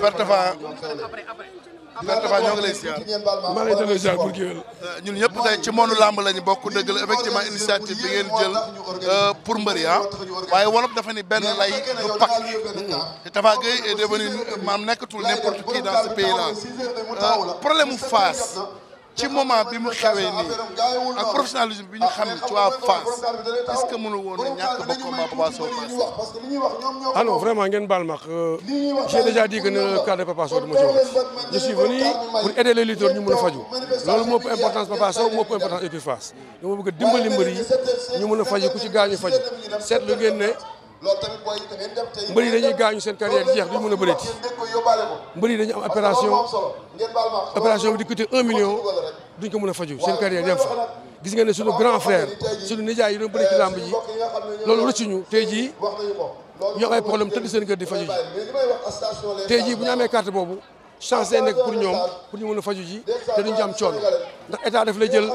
pertefa pertefa ñoo ngi lay ziar. maa ngi lay ziar pour Gueweul. ñun ñëpp tey ci monu làmb lañu bokk dëgg la initiative bi ngeen jël euh, pour mbëri ah waaye wolof dafa ni benn lay du pak te Tapha Gueye est devenu nekkatul n'importe qui dans ce euh, problème mu ci moment bi mu xewee nii ak professionnalisme bi ñu xam ne ci waa Fass est-ce que mënu woon a ñàkk ba combat Papa Sow Fass. ah non vraiment ngeen baal ma euh, j'ai déjà dit que le cas de Papa Sow du ma wax je suis venu pour aider les lutteurs ñu mën a faju loolu moo ëpp a ñu faju ku ci gaañu faju seetlu ngeen ne. mbër dañuy gaañu seen carrière jeex duñu mën a bëreeti mbër yi dañu am opération opération di coûter un million duñ ko mën a faju seen carrière dem fa gis nga ne suñu grand frère suñu nijaay yi doon bëri ci làmb ji loolu rëccuñu ñu am ji bu ñu amee carte boobu chance day nekk ñoom pour ñu mën a faju te duñ ci am coono ndax état daf lay jël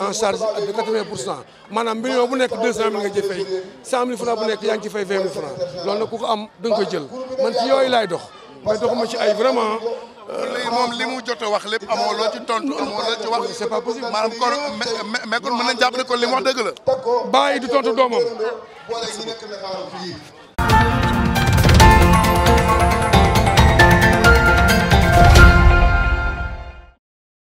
en charge ak million bu nekk deux cent mille nga ci fay cent mille franc bu nekk yaa ngi vingt mille franc loolu ku ko am da nga koy jël man ci yooyu laay dox mais doxuma ci ay vraiment moom li mu jot wax lépp amoo loo ci tontu amoo loo ci wax. c'est pas possible maanaam kon mais mais kon mën nañu li mu wax dëgg la. bàyyi du tontu doomam.